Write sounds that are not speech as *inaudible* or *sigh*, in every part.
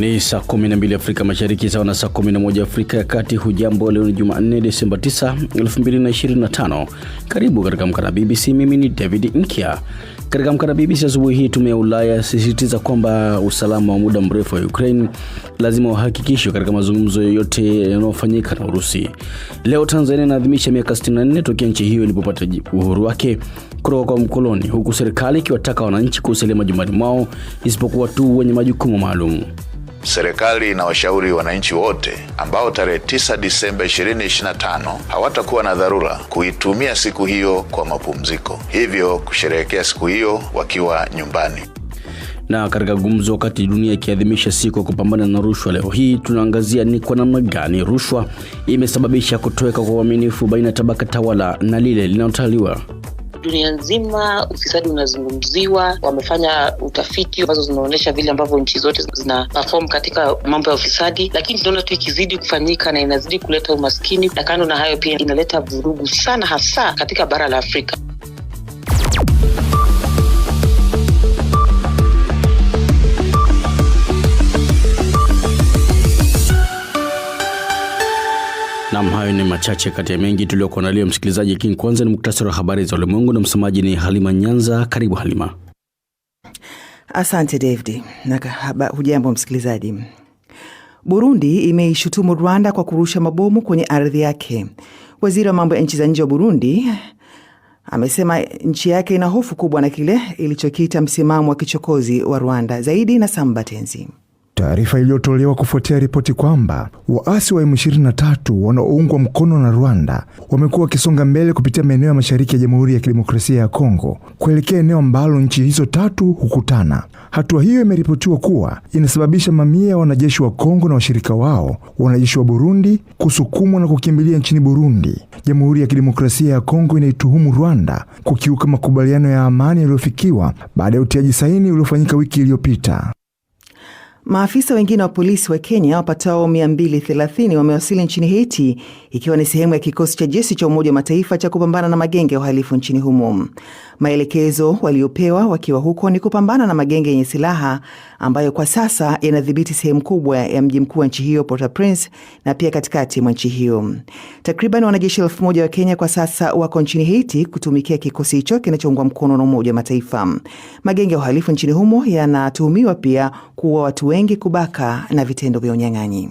Ni saa 12 Afrika Mashariki sawa na saa 11 Afrika ya Kati. Hujambo, leo ni Jumanne Desemba 9, 2025. Karibu katika Amka BBC. Mimi ni David Nkia. Katika Amka BBC asubuhi hii, tume ya Ulaya sisitiza kwamba usalama wa muda mrefu wa Ukraine lazima uhakikishwe katika mazungumzo yoyote yanayofanyika na Urusi. Leo Tanzania inaadhimisha miaka 64 tokea nchi hiyo ilipopata uhuru wake kutoka kwa mkoloni, huku serikali ikiwataka wananchi kuusalia majumbani mwao isipokuwa tu wenye majukumu maalum serikali inawashauri wananchi wote ambao tarehe 9 Disemba 2025 hawatakuwa na dharura kuitumia siku hiyo kwa mapumziko, hivyo kusherehekea siku hiyo wakiwa nyumbani. Na katika gumzo, wakati dunia ikiadhimisha siku ya kupambana na rushwa, leo hii tunaangazia ni kwa namna gani rushwa imesababisha kutoweka kwa uaminifu baina ya tabaka tawala na lile linalotawaliwa dunia nzima ufisadi unazungumziwa. Wamefanya utafiti ambazo zinaonyesha vile ambavyo nchi zote zina perform katika mambo ya ufisadi, lakini tunaona tu ikizidi kufanyika na inazidi kuleta umaskini, na kando na hayo pia inaleta vurugu sana, hasa katika bara la Afrika. hayo ni machache kati ya mengi tuliokuandalia msikilizaji, lakini kwanza ni muktasari wa habari za ulimwengu na msomaji ni Halima Nyanza. Karibu Halima. Asante David na hujambo msikilizaji. Burundi imeishutumu Rwanda kwa kurusha mabomu kwenye ardhi yake. Waziri wa mambo ya nchi za nje wa Burundi amesema nchi yake ina hofu kubwa na kile ilichokiita msimamo wa kichokozi wa Rwanda. Zaidi na Sambatenzi. Taarifa iliyotolewa kufuatia ripoti kwamba waasi wa M23 wanaoungwa mkono na Rwanda wamekuwa wakisonga mbele kupitia maeneo ya mashariki ya Jamhuri ya Kidemokrasia ya Kongo kuelekea eneo ambalo nchi hizo tatu hukutana. Hatua hiyo imeripotiwa kuwa inasababisha mamia ya wanajeshi wa Kongo na washirika wao wanajeshi wa Burundi kusukumwa na kukimbilia nchini Burundi. Jamhuri ya Kidemokrasia ya Kongo inaituhumu Rwanda kukiuka makubaliano ya amani yaliyofikiwa baada ya utiaji saini uliofanyika wiki iliyopita. Maafisa wengine wa polisi wa Kenya wapatao 230 wamewasili nchini Haiti ikiwa ni sehemu ya kikosi cha jeshi cha Umoja wa Mataifa cha kupambana na magenge ya uhalifu nchini humo. Maelekezo waliopewa wakiwa huko ni kupambana na magenge yenye silaha ambayo kwa sasa yanadhibiti sehemu kubwa ya mji mkuu wa nchi hiyo Port-au-Prince na pia katikati mwa nchi hiyo. Takriban wanajeshi elfu moja wa Kenya kwa sasa wako nchini Haiti kutumikia kikosi hicho kinachoungwa mkono na Umoja wa Mataifa. Magenge ya uhalifu nchini humo yanatuhumiwa pia kuua watu wengi kubaka na vitendo vya unyang'anyi.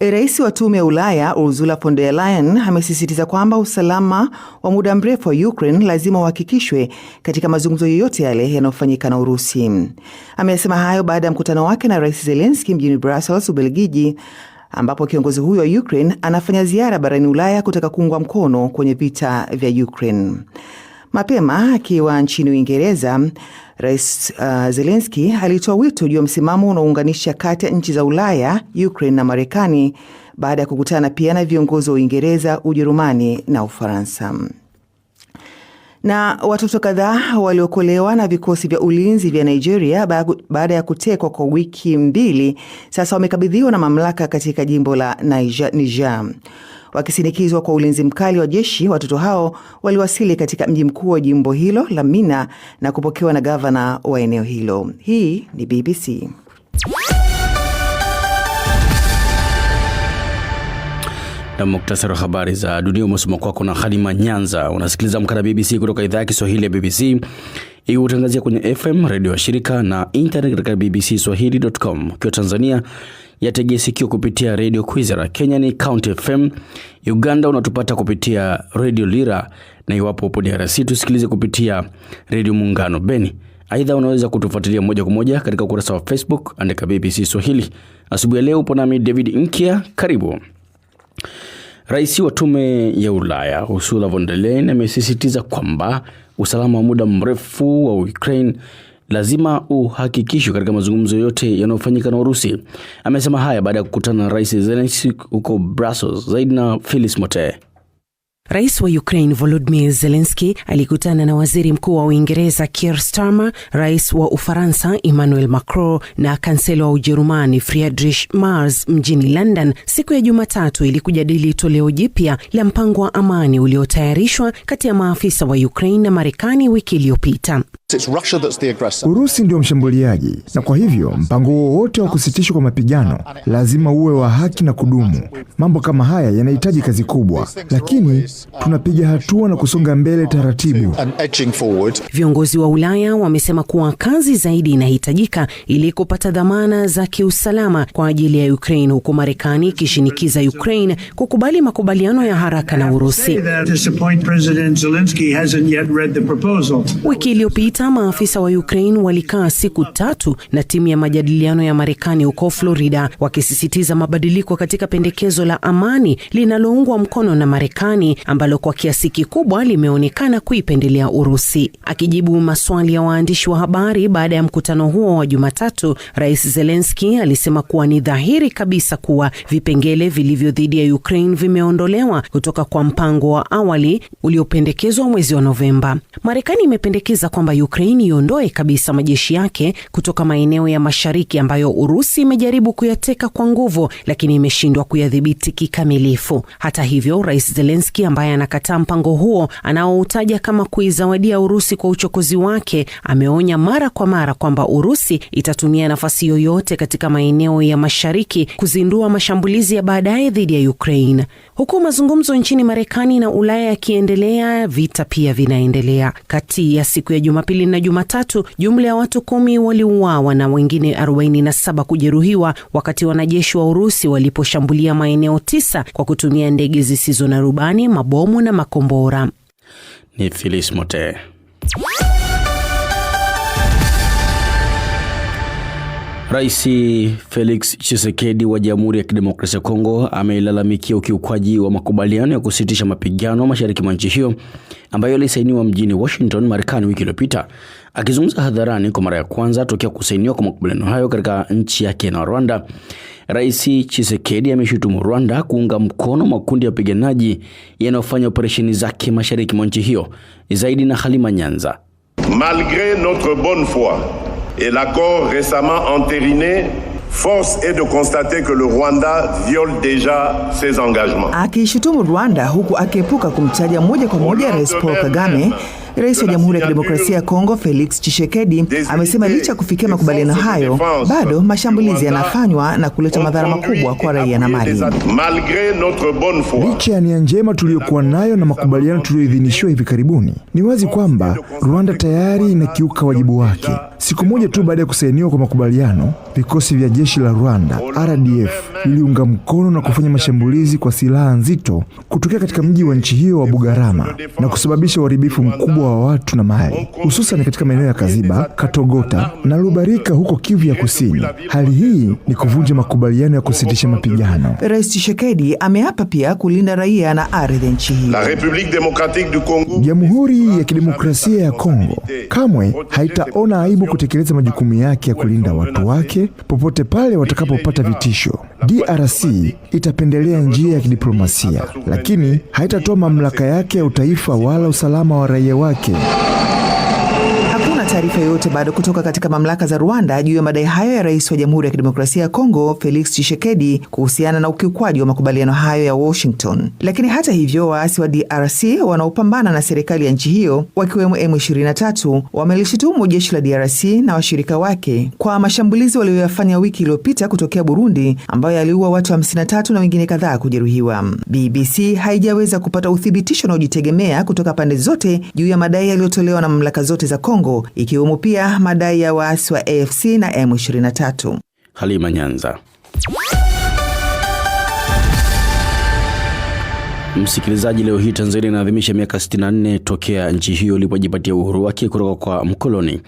E, Rais wa Tume ya Ulaya Ursula von der Leyen amesisitiza kwamba usalama wa muda mrefu wa Ukraine lazima uhakikishwe katika mazungumzo yoyote yale yanayofanyika na Urusi. Amesema hayo baada ya mkutano wake na Rais zelenski mjini Brussels, Ubelgiji, ambapo kiongozi huyo wa Ukraine anafanya ziara barani Ulaya kutaka kuungwa mkono kwenye vita vya Ukraine. Mapema akiwa nchini Uingereza, Rais uh, Zelenski alitoa wito juu ya msimamo unaounganisha kati ya nchi za Ulaya, Ukraine na Marekani baada ya kukutana pia na viongozi wa Uingereza, Ujerumani na Ufaransa. Na watoto kadhaa waliokolewa na vikosi vya ulinzi vya Nigeria baada ya kutekwa kwa wiki mbili sasa wamekabidhiwa na mamlaka katika jimbo la Niger. Wakisindikizwa kwa ulinzi mkali wa jeshi, watoto hao waliwasili katika mji mkuu wa jimbo hilo la Mina na kupokewa na gavana wa eneo hilo. Hii ni BBC. Na muktasari wa habari za dunia umesoma kwako na Halima Nyanza. Unasikiliza Amka na BBC kutoka idhaa ya Kiswahili ya BBC ikiutangazia kwenye FM redio ya shirika na internet katika swahili.com. Ukiwa Tanzania ya kupitia Radio Kwizera, Kenya ni County FM, Uganda unatupata kupitia Radio Lira, na iwapo upo DRC tusikilize kupitia Radio Muungano Beni. Aidha, unaweza kutufuatilia moja kwa moja katika ukurasa wa Facebook, andika BBC Swahili. Asubuhi ya leo upo nami David Nkia, karibu. Rais wa Tume ya Ulaya Ursula von der Leyen amesisitiza kwamba usalama wa muda mrefu wa Ukraine lazima uhakikishwe katika mazungumzo yote yanayofanyika na Urusi. Amesema haya baada ya kukutana na Rais zelenski huko Brussels. Zaidi na Phyllis Mote. Rais wa Ukraine Volodymyr Zelensky alikutana na waziri mkuu wa Uingereza Keir Starmer, rais wa Ufaransa Emmanuel Macron na kansela wa Ujerumani Friedrich Merz mjini London siku ya Jumatatu ili kujadili toleo jipya la mpango wa amani uliotayarishwa kati ya maafisa wa Ukraine na Marekani wiki iliyopita. It's Russia that's the aggressor. Urusi ndio mshambuliaji, na kwa hivyo mpango wowote wa kusitishwa kwa mapigano lazima uwe wa haki na kudumu. Mambo kama haya yanahitaji kazi kubwa, lakini tunapiga hatua na kusonga mbele taratibu. Viongozi wa Ulaya wamesema kuwa kazi zaidi inahitajika ili kupata dhamana za kiusalama kwa ajili ya Ukraine, huku Marekani ikishinikiza Ukraine kukubali makubaliano ya haraka na Urusi. Wiki iliyopita sita maafisa wa Ukraine walikaa siku tatu na timu ya majadiliano ya Marekani huko Florida wakisisitiza mabadiliko katika pendekezo la amani linaloungwa mkono na Marekani ambalo kwa kiasi kikubwa limeonekana kuipendelea Urusi. Akijibu maswali ya waandishi wa habari baada ya mkutano huo wa Jumatatu, Rais zelenski alisema kuwa ni dhahiri kabisa kuwa vipengele vilivyo dhidi ya Ukraine vimeondolewa kutoka kwa mpango wa awali uliopendekezwa mwezi wa Novemba. Marekani imependekeza kwamba Ukraini iondoe kabisa majeshi yake kutoka maeneo ya mashariki ambayo Urusi imejaribu kuyateka kwa nguvu, lakini imeshindwa kuyadhibiti kikamilifu. Hata hivyo, Rais Zelenski ambaye anakataa mpango huo anaoutaja kama kuizawadia Urusi kwa uchokozi wake, ameonya mara kwa mara kwamba Urusi itatumia nafasi yoyote katika maeneo ya mashariki kuzindua mashambulizi ya baadaye dhidi ya Ukraine. Huku mazungumzo nchini Marekani na Ulaya yakiendelea, vita pia vinaendelea. Kati ya siku ya Jumapili Jumapili na Jumatatu, jumla ya watu kumi waliuawa na wengine 47 kujeruhiwa wakati wanajeshi wa Urusi waliposhambulia maeneo tisa kwa kutumia ndege zisizo na rubani, mabomu na makombora. Ni Filis Mote. Rais Felix Tshisekedi wa Jamhuri ya Kidemokrasia ya Kongo ameilalamikia ukiukwaji wa makubaliano ya kusitisha mapigano mashariki mwa nchi hiyo ambayo yalisainiwa mjini Washington, Marekani wiki iliyopita. Akizungumza hadharani kwa mara ya kwanza tokea kusainiwa kwa makubaliano hayo katika nchi yake na Rwanda, Rais Tshisekedi ameshutumu Rwanda kuunga mkono makundi ya wapiganaji yanayofanya operesheni zake mashariki mwa nchi hiyo. Zaidi na Halima Nyanza. notre bonne foi et l'accord récemment entériné Force est de constater que le Rwanda viole déjà ses engagements. akishutumu Rwanda huku akiepuka kumtaja moja kwa moja Rais Paul Kagame Rais wa Jamhuri ya Kidemokrasia ya Kongo Felix Tshisekedi amesema licha ya kufikia makubaliano hayo, bado mashambulizi yanafanywa na kuleta madhara makubwa kwa raia na mali. Licha ya nia njema tuliyokuwa nayo na makubaliano tuliyoidhinishiwa hivi karibuni, ni wazi kwamba Rwanda tayari inakiuka wajibu wake. Siku moja tu baada ya kusainiwa kwa makubaliano, vikosi vya jeshi la Rwanda RDF viliunga mkono na kufanya mashambulizi kwa silaha nzito kutokea katika mji wa nchi hiyo wa Bugarama na kusababisha uharibifu mkubwa mkubwa wa watu na mali, hususan katika maeneo ya Kaziba, Katogota na Lubarika huko Kivu ya Kusini. Hali hii ni kuvunja makubaliano ya kusitisha mapigano. Rais Tshisekedi ameapa pia kulinda raia na ardhi ya nchi hii. Jamhuri ya Kidemokrasia ya Kongo kamwe haitaona aibu kutekeleza majukumu yake ya kulinda watu wake popote pale watakapopata vitisho. DRC itapendelea njia ya kidiplomasia, lakini haitatoa mamlaka yake ya utaifa wala usalama wa raia wake rock. taarifa yoyote bado kutoka katika mamlaka za Rwanda juu ya madai hayo ya rais wa Jamhuri ya Kidemokrasia ya Kongo Felix Tshisekedi kuhusiana na ukiukwaji wa makubaliano hayo ya Washington. Lakini hata hivyo, waasi wa DRC wanaopambana na serikali ya nchi hiyo wakiwemo M23 wamelishutumu jeshi la DRC na washirika wake kwa mashambulizi waliyoyafanya wiki iliyopita kutokea Burundi, ambayo yaliua watu 53 na wengine kadhaa kujeruhiwa. BBC haijaweza kupata uthibitisho unaojitegemea kutoka pande zote juu ya madai yaliyotolewa na mamlaka zote za Kongo ikiwemo pia madai ya waasi wa AFC na M23. Halima Nyanza. Msikilizaji, leo hii Tanzania inaadhimisha miaka 64 tokea nchi hiyo ilipojipatia uhuru wake kutoka kwa mkoloni.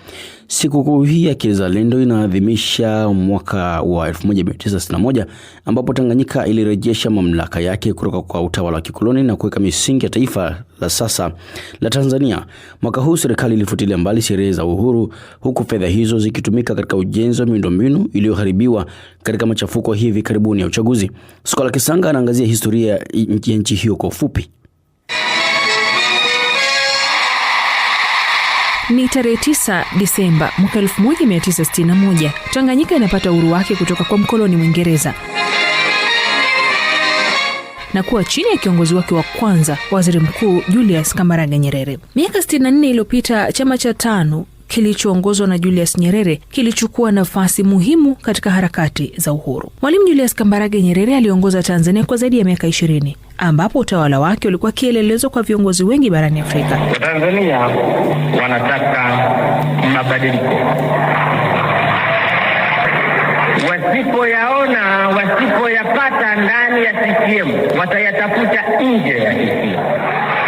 Sikukuu hii ya kizalendo inaadhimisha mwaka wa 1961 ambapo Tanganyika ilirejesha mamlaka yake kutoka kwa utawala wa kikoloni na kuweka misingi ya taifa la sasa la Tanzania. Mwaka huu serikali ilifutilia mbali sherehe za uhuru, huku fedha hizo zikitumika katika ujenzi wa miundombinu iliyoharibiwa katika machafuko hivi karibuni ya uchaguzi. Skola Kisanga anaangazia historia ya nchi hiyo kwa ufupi. Ni tarehe 9 Disemba mwaka 1961 Tanganyika inapata uhuru wake kutoka kwa mkoloni Mwingereza na kuwa chini ya kiongozi wake wa kwanza, waziri mkuu Julius Kambarage Nyerere. Miaka 64 iliyopita chama cha tano kilichoongozwa na Julius Nyerere kilichukua nafasi muhimu katika harakati za uhuru. Mwalimu Julius Kambarage Nyerere aliongoza Tanzania kwa zaidi ya miaka ishirini ambapo utawala wake ulikuwa kielelezo kwa viongozi wengi barani Afrika. Watanzania wanataka mabadiliko, wasipoyaona wasipoyapata ndani ya CCM watayatafuta nje ya CCM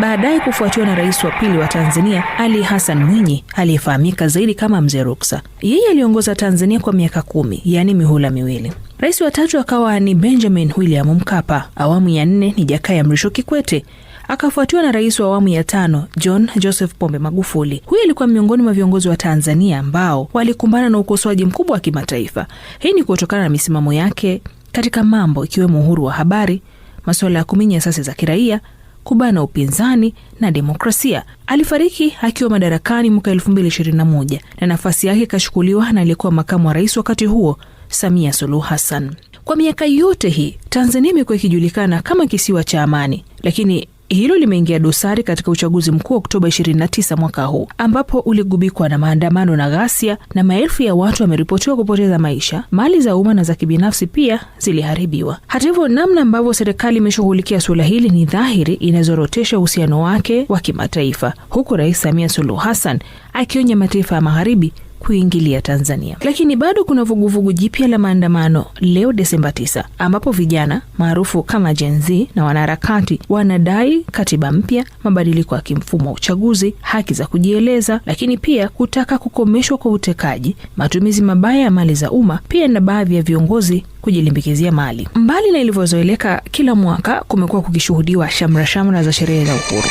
baadaye kufuatiwa na rais wa pili wa Tanzania Ali Hassan Mwinyi aliyefahamika zaidi kama Mzee Ruksa. Yeye aliongoza Tanzania kwa miaka kumi, yaani mihula miwili. Rais wa tatu akawa ni Benjamin William Mkapa, awamu ya nne ni Jakaya Mrisho Kikwete akafuatiwa na rais wa awamu ya tano John Joseph Pombe Magufuli. Huyu alikuwa miongoni mwa viongozi wa Tanzania ambao walikumbana na ukosoaji mkubwa wa kimataifa. Hii ni kutokana na misimamo yake katika mambo ikiwemo uhuru wa habari, masuala ya kuminya asasi za kiraia kubana upinzani na demokrasia. Alifariki akiwa madarakani mwaka 2021 na nafasi yake ikachukuliwa na aliyekuwa makamu wa rais wakati huo, Samia Suluhu Hassan. Kwa miaka yote hii Tanzania imekuwa ikijulikana kama kisiwa cha amani, lakini hilo limeingia dosari katika uchaguzi mkuu Oktoba 29 mwaka huu ambapo uligubikwa na maandamano na ghasia, na maelfu ya watu wameripotiwa kupoteza maisha, mali za umma na za kibinafsi pia ziliharibiwa. Hata hivyo, namna ambavyo serikali imeshughulikia suala hili ni dhahiri inazorotesha uhusiano wake wa kimataifa, huku Rais Samia Suluhu Hassan akionya mataifa ya magharibi kuingilia Tanzania. Lakini bado kuna vuguvugu jipya la maandamano leo Desemba 9 ambapo vijana maarufu kama Gen Z na wanaharakati wanadai katiba mpya, mabadiliko ya kimfumo wa uchaguzi, haki za kujieleza, lakini pia kutaka kukomeshwa kwa utekaji, matumizi mabaya ya mali za umma, pia na baadhi ya viongozi kujilimbikizia mali. Mbali na ilivyozoeleka, kila mwaka kumekuwa kukishuhudiwa shamra shamra za sherehe za uhuru.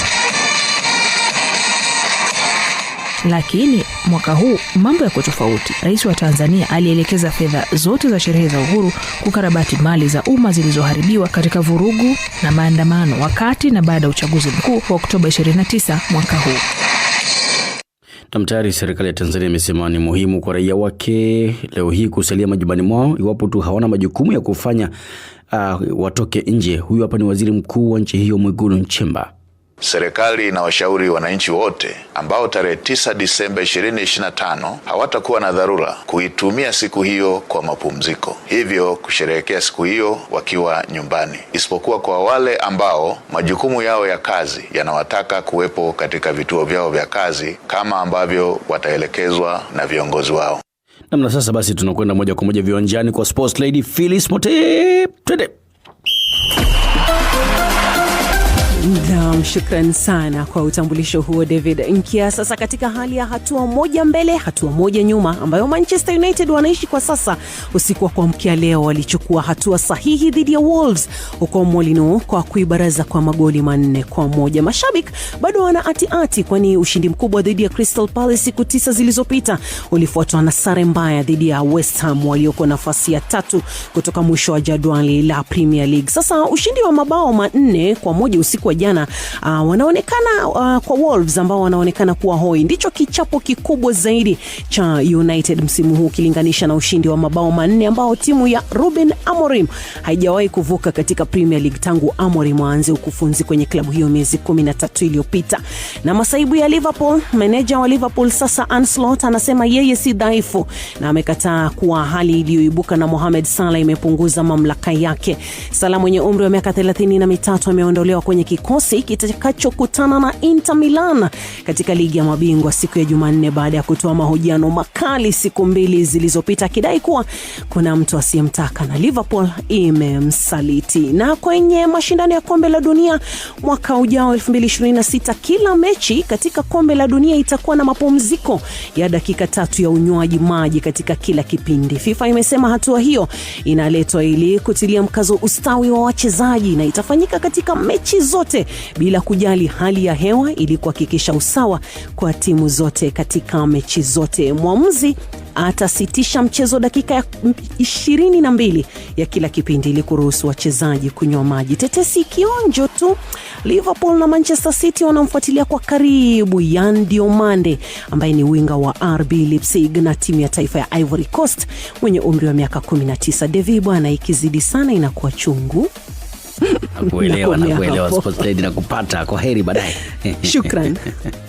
Lakini mwaka huu mambo yako tofauti. Rais wa Tanzania alielekeza fedha zote za sherehe za uhuru kukarabati mali za umma zilizoharibiwa katika vurugu na maandamano wakati na baada ya uchaguzi mkuu wa Oktoba 29 mwaka huu. Tayari serikali ya Tanzania imesema ni muhimu kwa raia wake leo hii kusalia majumbani mwao iwapo tu hawana majukumu ya kufanya, uh, watoke nje. Huyu hapa ni waziri mkuu wa nchi hiyo Mwigulu Nchemba. Serikali inawashauri wananchi wote ambao tarehe 9 Disemba 2025 hawatakuwa na dharura kuitumia siku hiyo kwa mapumziko, hivyo kusherehekea siku hiyo wakiwa nyumbani, isipokuwa kwa wale ambao majukumu yao ya kazi yanawataka kuwepo katika vituo vyao vya kazi kama ambavyo wataelekezwa na viongozi wao. Namna sasa basi, tunakwenda moja kwa moja viwanjani kwa sports lady Phyllis twende. Nam, shukran sana kwa utambulisho huo David Nkia. Sasa katika hali ya hatua moja mbele hatua moja nyuma ambayo Manchester United wanaishi kwa sasa, usiku wa kuamkia leo walichukua hatua sahihi dhidi ya Wolves huko molino kwa kuibaraza kwa magoli manne kwa moja. mashabik bado wana atiati, kwani ushindi mkubwa dhidi ya Crystal Palace siku tisa zilizopita ulifuatwa na sare mbaya dhidi ya West Ham walioko nafasi ya tatu kutoka mwisho wa jadwali la Premier League. Sasa ushindi wa mabao manne kwa moja usiku wa jana uh, wanaonekana uh, kwa Wolves ambao wanaonekana kuwa hoi. Ndicho kichapo kikubwa zaidi cha United msimu huu ukilinganisha na ushindi wa mabao manne ambao timu ya Ruben Amorim haijawahi kuvuka katika Premier League tangu Amorim aanze ukufunzi kwenye klabu hiyo miezi 13 iliyopita. Na masaibu ya Liverpool, meneja wa Liverpool sasa anslot anasema yeye si dhaifu na amekataa kuwa hali iliyoibuka na Mohamed Salah imepunguza mamlaka yake. Salah mwenye umri wa miaka 33 ameondolewa kwenye kikosi kitakachokutana na Inter Milan katika ligi ya mabingwa siku ya Jumanne baada ya kutoa mahojiano makali siku mbili zilizopita akidai kuwa kuna mtu asiyemtaka na Liverpool imemsaliti. Na kwenye mashindano ya kombe la dunia mwaka ujao 2026, kila mechi katika kombe la dunia itakuwa na mapumziko ya dakika tatu ya unywaji maji katika kila kipindi. FIFA imesema hatua hiyo inaletwa ili kutilia mkazo ustawi wa wachezaji na itafanyika katika mechi zote bila bila kujali hali ya hewa ili kuhakikisha usawa kwa timu zote katika mechi zote. Mwamuzi atasitisha mchezo dakika ya ishirini na mbili ya kila kipindi ili kuruhusu wachezaji kunywa maji. Tetesi kionjo tu, Liverpool na Manchester City wanamfuatilia kwa karibu Yan Diomande ambaye ni winga wa RB lipsig na timu ya taifa ya Ivory Coast mwenye umri wa miaka 19. Devi bwana, ikizidi sana inakuwa chungu nakuelewa, nakuelewa na kupata. Kwa heri baadaye, shukran. *laughs*